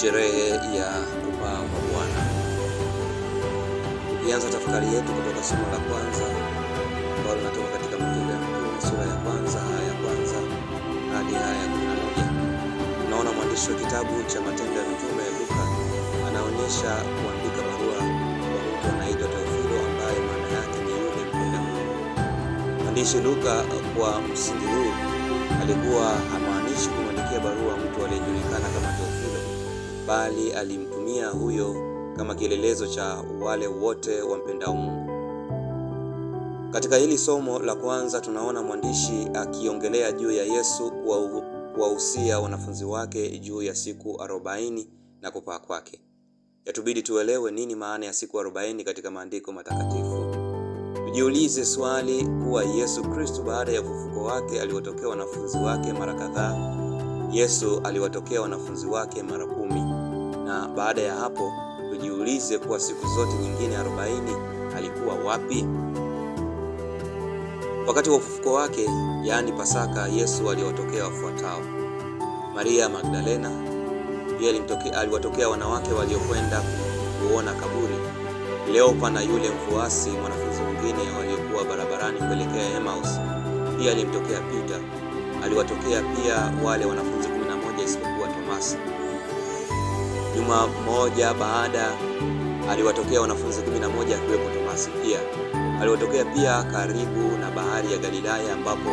sherehe ya kupaa kwa Bwana. Tukianza tafakari yetu kutoka somo la kwanza ambalo linatoka katika Injili ya sura ya kwanza aya ya kwanza hadi aya ya kumi na moja tunaona mwandishi wa kitabu cha Matendo ya Mitume ya Luka anaonyesha kuandika barua kwa mtu anaitwa Teofilo ambaye maana yake ni yule mpenda Mungu. Mwandishi Luka kwa msingi huu alikuwa hamaanishi kumwandikia barua mtu aliyejulikana kama bali alimtumia huyo kama kielelezo cha wale wote wampendao Mungu. Katika hili somo la kwanza, tunaona mwandishi akiongelea juu ya Yesu kuwahusia wanafunzi wake juu ya siku arobaini na kupaa kwake. Yatubidi tuelewe nini maana ya siku arobaini katika maandiko matakatifu. Tujiulize swali kuwa Yesu Kristo baada ya ufufuko wake aliwatokea wanafunzi wake mara kadhaa. Yesu aliwatokea wanafunzi wake mara kumi na baada ya hapo tujiulize kuwa siku zote nyingine 40 alikuwa wapi? Wakati wa ufufuko wake, yaani Pasaka, Yesu aliwatokea wafuatao: Maria Magdalena, yeye aliwatokea wanawake waliokwenda kuona kaburi, leo na yule mfuasi mwanafunzi mwingine waliokuwa barabarani kuelekea Emmaus. Pia alimtokea Peter, aliwatokea pia wale wanafunzi 11 isipokuwa Tomasi. Juma moja baada aliwatokea wanafunzi 11 akiwemo Tomasi pia. Aliwatokea pia karibu na bahari ya Galilaya ambapo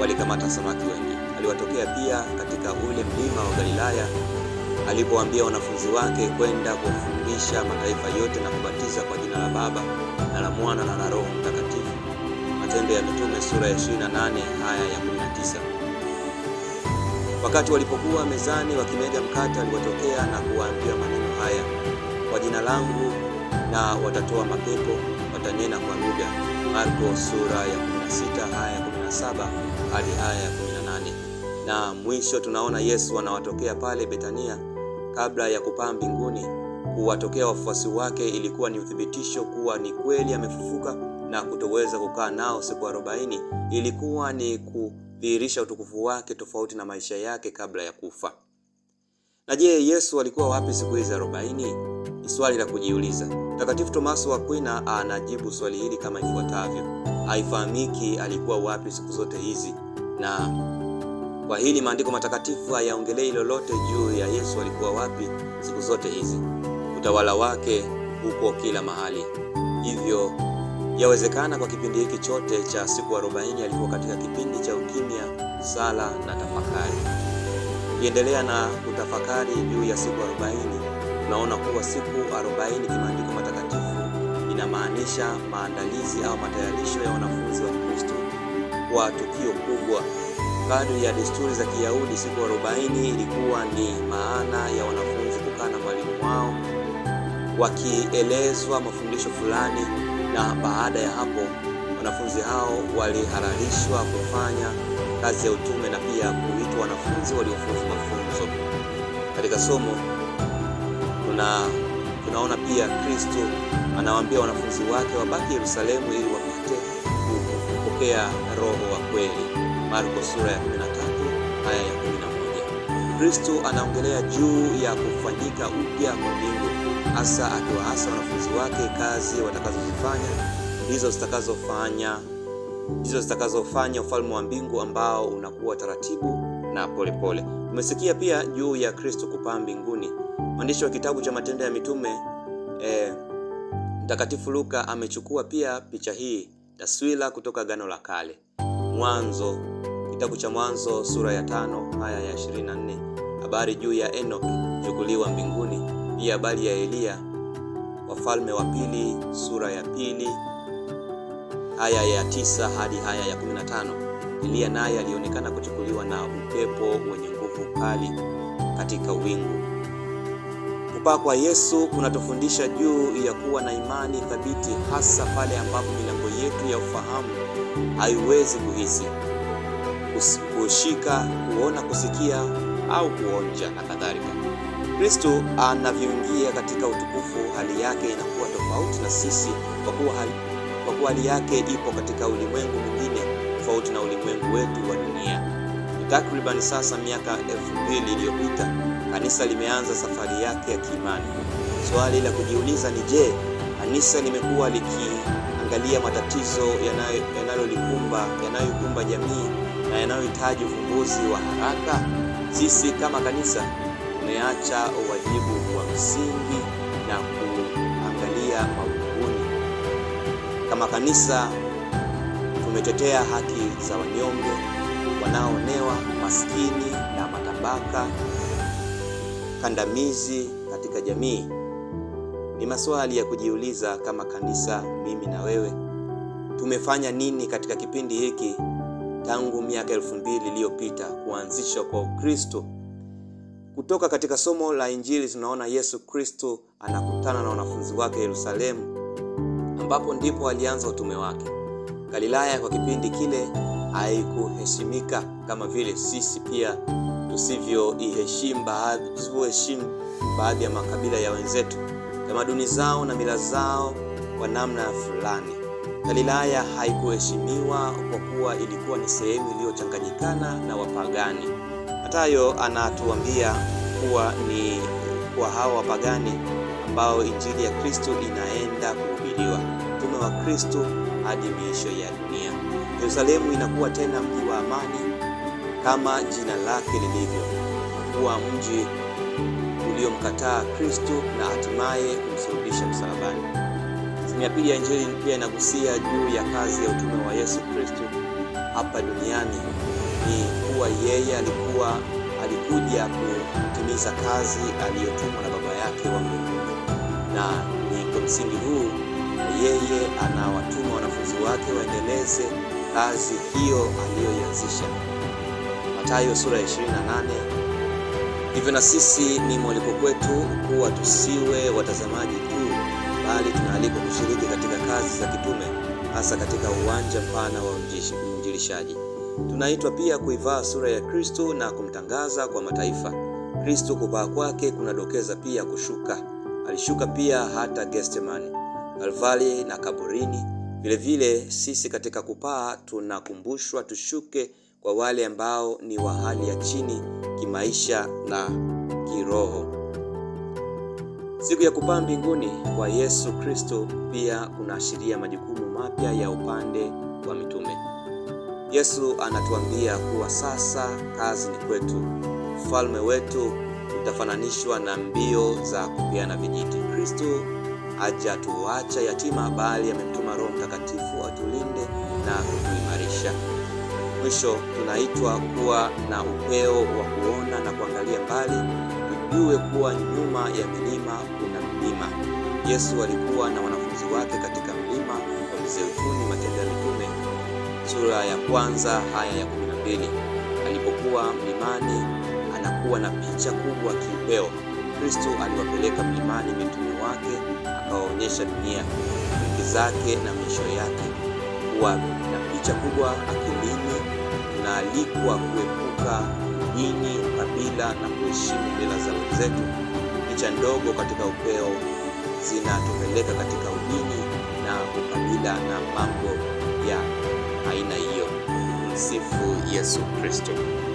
walikamata samaki wengi. Aliwatokea pia katika ule mlima wa Galilaya alipowaambia wanafunzi wake kwenda kufundisha mataifa yote na kubatiza kwa jina la Baba na la Mwana na la Roho Mtakatifu. Matendo ya Mitume sura ya 28 haya ya 19. Wakati walipokuwa mezani wakimega mkate, aliwatokea na kuwaambia maneno haya, kwa jina langu na watatoa mapepo, watanena kwa lugha. Marko sura ya 16 aya 17 hadi aya ya 18. Na mwisho tunaona Yesu anawatokea pale Betania kabla ya kupaa mbinguni. Kuwatokea wafuasi wake ilikuwa ni uthibitisho kuwa ni kweli amefufuka, na kutoweza kukaa nao siku 40 ilikuwa ni ku kudhihirisha utukufu wake tofauti na maisha yake kabla ya kufa. Na je, Yesu alikuwa wapi siku hizi arobaini? Ni swali la kujiuliza. Mtakatifu Tomaso wa Akwina anajibu swali hili kama ifuatavyo: haifahamiki alikuwa wapi siku zote hizi, na kwa hili maandiko matakatifu hayaongelei lolote juu ya Yesu alikuwa wapi siku zote hizi. Utawala wake uko kila mahali, hivyo Yawezekana kwa kipindi hiki chote cha siku 40 alikuwa katika kipindi cha ukimya, sala na tafakari. Ukiendelea na kutafakari juu ya siku 40, tunaona kuwa siku 40 kimaandiko matakatifu inamaanisha maandalizi au matayarisho ya wanafunzi wa Kristo kwa tukio kubwa. Kadri ya desturi za Kiyahudi, siku 40 ilikuwa ni maana ya wanafunzi kukaa na mwalimu wao wakielezwa mafundisho fulani na baada ya hapo wanafunzi hao walihalalishwa kufanya kazi ya utume na pia kuitwa wanafunzi waliofuzu mafunzo. Katika somo tuna tunaona pia Kristo anawaambia wanafunzi wake wabaki Yerusalemu ili wapate kupokea roho wa kweli. Marko sura ya 13 aya ya 11. Kristo anaongelea juu ya kufanyika upya kwa mbingu hasa akiwaasa wanafunzi wake kazi watakazozifanya hizo zitakazofanya hizo zitakazofanya ufalme wa mbingu ambao unakuwa taratibu na polepole. Tumesikia pole pia juu ya Kristo kupaa mbinguni. Mwandishi wa kitabu cha Matendo ya Mitume eh, Mtakatifu Luka amechukua pia picha hii taswira kutoka gano la Kale, Mwanzo, kitabu cha Mwanzo sura ya tano haya ya 24, habari juu ya Enoki kuchukuliwa mbinguni pia habari ya Eliya, Wafalme wa Pili sura ya pili aya ya tisa hadi aya ya 15. Eliya naye alionekana kuchukuliwa na upepo wenye nguvu kali katika wingu. Upako kwa Yesu kunatufundisha juu ya kuwa na imani thabiti, hasa pale ambapo milango yetu ya ufahamu haiwezi kuhisi, kushika, kuona, kusikia au kuonja na kadhalika. Kristo anavyoingia katika utukufu, hali yake inakuwa tofauti na sisi, kwa kuwa hali, kwa kuwa hali yake ipo katika ulimwengu mwingine tofauti na ulimwengu wetu wa dunia. Ni takribani sasa miaka elfu mbili iliyopita kanisa limeanza safari yake ya kiimani. Swali la kujiuliza ni je, kanisa limekuwa likiangalia matatizo yanayolikumba yanayokumba jamii na yanayohitaji ufumbuzi wa haraka? Sisi kama kanisa umeacha wajibu wa msingi na kuangalia maunguni. Kama kanisa tumetetea haki za wanyonge, wanaoonewa, maskini na matabaka kandamizi katika jamii. Ni maswali ya kujiuliza kama kanisa, mimi na wewe tumefanya nini katika kipindi hiki tangu miaka elfu mbili iliyopita kuanzishwa kwa Ukristo. Kutoka katika somo la Injili tunaona Yesu Kristo anakutana na wanafunzi wake Yerusalemu, ambapo ndipo alianza utume wake. Galilaya kwa kipindi kile haikuheshimika kama vile sisi pia tusivyoiheshimu baadhi, tusivyoheshimu baadhi ya makabila ya wenzetu, tamaduni zao na mila zao kwa namna fulani. Galilaya haikuheshimiwa kwa kuwa ilikuwa ni sehemu iliyochanganyikana na wapagani. Matayo anatuambia kuwa ni kwa hawa wapagani ambao injili ya Kristo inaenda kuhubiriwa, mtume wa Kristo hadi miisho ya dunia. Yerusalemu inakuwa tena mji wa amani kama jina lake lilivyo, kuwa mji uliomkataa Kristo na hatimaye kumsulubisha msalabani. Sehemu ya pili ya injili pia inagusia juu ya kazi ya utume wa Yesu Kristo hapa duniani ni kuwa yeye alikuwa alikuja kutimiza kazi aliyotumwa na Baba yake wa mungu na ni kwa msingi huu yeye anawatuma wanafunzi wake waendeleze kazi hiyo aliyoianzisha. matayo sura ya 28 Hivyo na sisi ni mwaliko kwetu kuwa tusiwe watazamaji tu, bali tunaalikwa kushiriki katika kazi za kitume, hasa katika uwanja mpana wa uinjilishaji. Tunaitwa pia kuivaa sura ya Kristo na kumtangaza kwa mataifa. Kristo kupaa kwake kunadokeza pia kushuka. Alishuka pia hata Getsemani, Kalvari na kaburini. Vilevile sisi katika kupaa tunakumbushwa tushuke kwa wale ambao ni wa hali ya chini kimaisha na kiroho. Siku ya kupaa mbinguni kwa Yesu Kristo pia kunaashiria majukumu mapya ya upande wa mitume. Yesu anatuambia kuwa sasa kazi ni kwetu. Ufalme wetu utafananishwa na mbio za kupeana vijiti. Kristo hajatuacha yatima, bali amemtuma Roho Mtakatifu atulinde na kutuimarisha. Mwisho, tunaitwa kuwa na upeo wa kuona na kuangalia mbali, tujue kuwa nyuma ya milima kuna mlima. Yesu alikuwa na wanafunzi wake sura ya kwanza haya ya kumi na mbili. Alipokuwa mlimani anakuwa na picha kubwa kiupeo. Kristo aliwapeleka mlimani mitume wake akawaonyesha dunia milki zake na miisho yake. Kuwa na picha kubwa akilini kunaalikwa kuepuka dini ukabila na kuheshimu mila za wenzetu. Picha ndogo katika upeo zinatupeleka katika udini na ukabila na mambo ya aina hiyo. sifu Yesu Kristo.